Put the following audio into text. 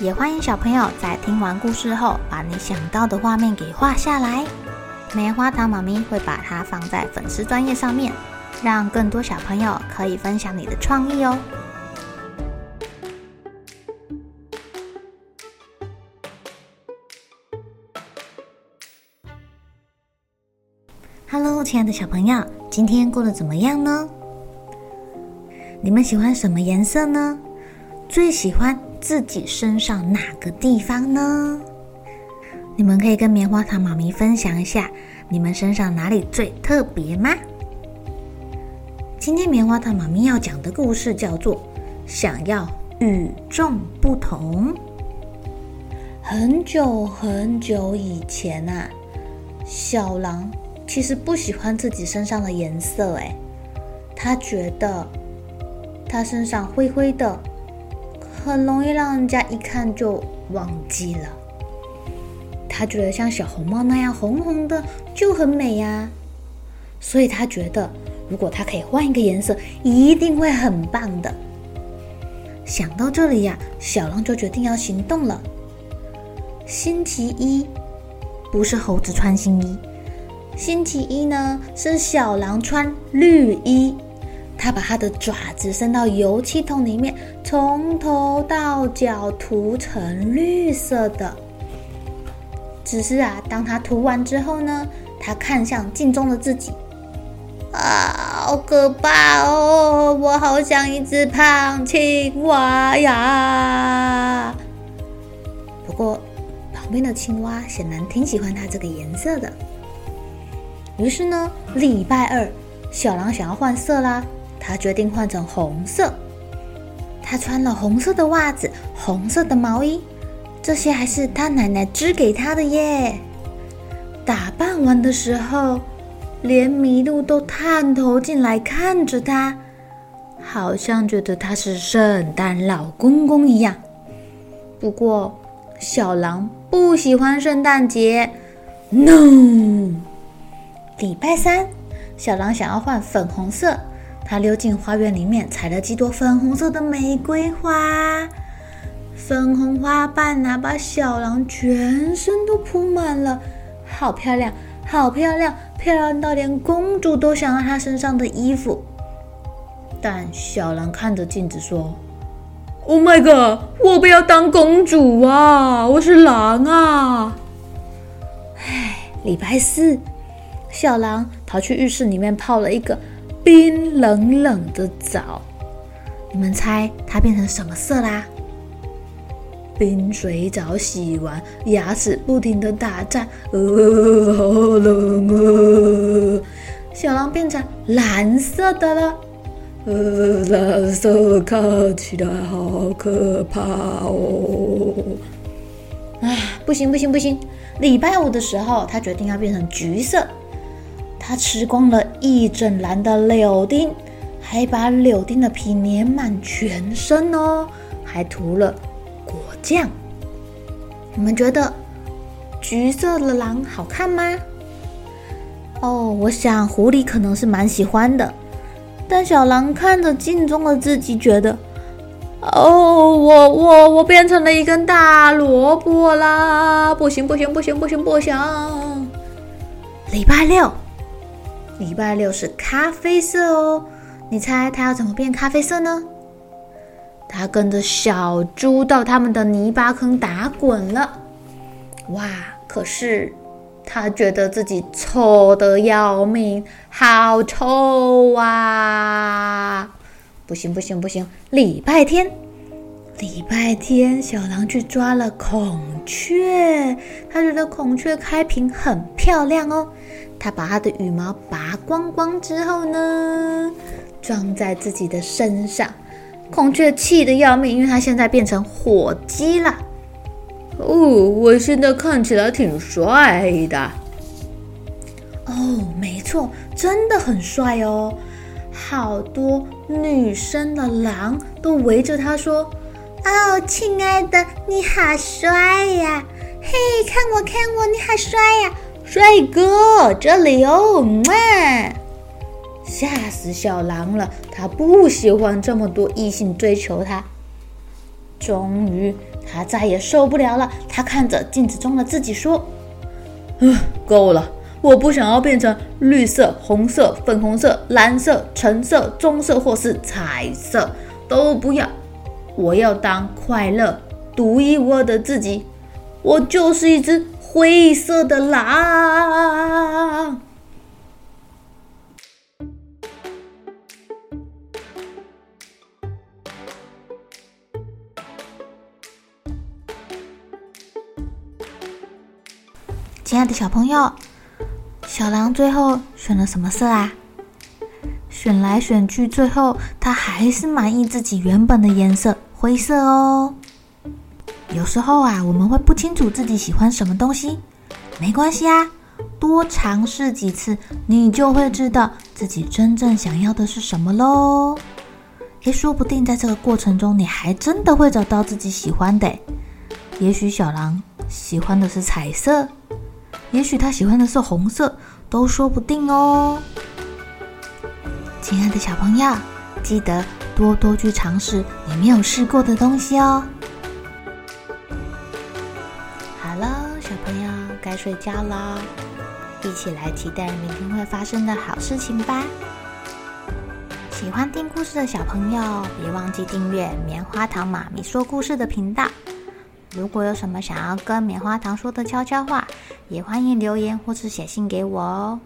也歡迎小朋友在聽完故事後，把你想到的畫面給畫下來。棉花糖媽咪會把它放在粉絲專頁上面，讓更多小朋友可以分享你的創意哦。Hello，親愛的小朋友，今天過得怎麼樣呢？你們喜歡什麼顏色呢？最喜歡自己身上哪個地方呢？你們可以跟棉花糖媽咪分享一下，你們身上哪裡最特別嗎？今天棉花糖媽咪要講的故事叫做《想要與眾不同》。很久很久以前啊，小狼其實不喜歡自己身上的顏色，誒，他覺得他身上灰灰的。很容易讓人家一看就忘記了。他覺得像小紅帽那樣紅紅的就很美呀，所以他覺得如果他可以換一個顏色，一定會很棒的。想到這裡呀，小狼就決定要行動了。星期一不是猴子穿新衣，星期一呢是小狼穿綠衣。他把他的爪子伸到油漆桶裡面，從頭到腳塗成綠色的。只是啊，當他塗完之後呢，他看向鏡中的自己，啊，好可怕哦！我好像一隻胖青蛙呀。不過，旁邊的青蛙顯然挺喜歡它這個顏色的。於是呢，禮拜二，小狼想要換色啦。他決定換成紅色。他穿了紅色的襪子、紅色的毛衣，這些還是他奶奶織給他的耶。打扮完的時候，連麋鹿都探頭進來看着他，好像覺得他是聖誕老公公一樣。不過，小狼不喜歡聖誕節，No。禮拜三，小狼想要換粉紅色。他溜進花園裡面，採了幾朵粉紅色的玫瑰花，粉紅花瓣啊，把小狼全身都鋪滿了，好漂亮，好漂亮，漂亮到連公主都想要他身上的衣服。但小狼看着鏡子說：“Oh my God，我不要當公主啊，我是狼啊！”唉，禮拜四，小狼跑去浴室裡面泡了一個。冰冷冷的澡，你們猜它變成什麼色啦？冰水澡洗完，牙齒不停的打顫，呃，好冷啊！小狼變成藍色的了，呃，藍色看起來好可怕哦。啊，不行不行不行！禮拜五的時候，他決定要變成橘色。他吃光了一整籃的柳丁，還把柳丁的皮粘滿全身哦，還塗了果醬。你們覺得橘色的狼好看嗎？哦，我想狐狸可能是蠻喜歡的。但小狼看着鏡中的自己，覺得，哦，我我我變成了一根大蘿蔔啦！不行不行不行不行不行！禮拜六。禮拜六是咖啡色哦，你猜它要怎麼變咖啡色呢？它跟着小豬到它們的泥巴坑打滾了，哇！可是它覺得自己臭得要命，好臭啊！不行不行不行，禮拜天。禮拜天，小狼去抓了孔雀。他覺得孔雀開屏很漂亮哦。他把他的羽毛拔光光之後呢，裝在自己的身上。孔雀氣得要命，因為它現在變成火雞了。哦，我現在看起來挺帥的。哦，沒錯，真的很帥哦。好多女生的狼都圍着他說。哦、oh，親愛的，你好帥呀，啊！嘿、hey，看我，看我，你好帥呀，啊，帥哥！這裡哦，哇！嚇死小狼了，他不喜歡這麼多異性追求他。終於，他再也受不了了。他看着鏡子中的自己說：“嗯，夠了！我不想要變成綠色、紅色、粉紅色、藍色、橙色、棕色或是彩色，都不要。”我要當快樂獨一無二的自己，我就是一隻灰色的狼。親愛的小朋友，小狼最後選了什麼色啊？選來選去，最後他還是滿意自己原本的顏色，灰色哦。有時候啊，我們會不清楚自己喜歡什麼東西，沒關係啊，多嘗試幾次，你就會知道自己真正想要的是什麼嘍。也說不定在這個過程中，你還真的會找到自己喜歡的。也許小狼喜歡的是彩色，也許他喜歡的是紅色，都說不定哦。親愛的小朋友，記得多多去嘗試你沒有試過的東西哦。好了，小朋友該睡覺了，一起來期待明天會發生的好事情吧。喜歡聽故事的小朋友，別忘記訂閱棉花糖媽咪說故事的頻道。如果有什麼想要跟棉花糖說的悄悄話，也歡迎留言或是寫信給我哦。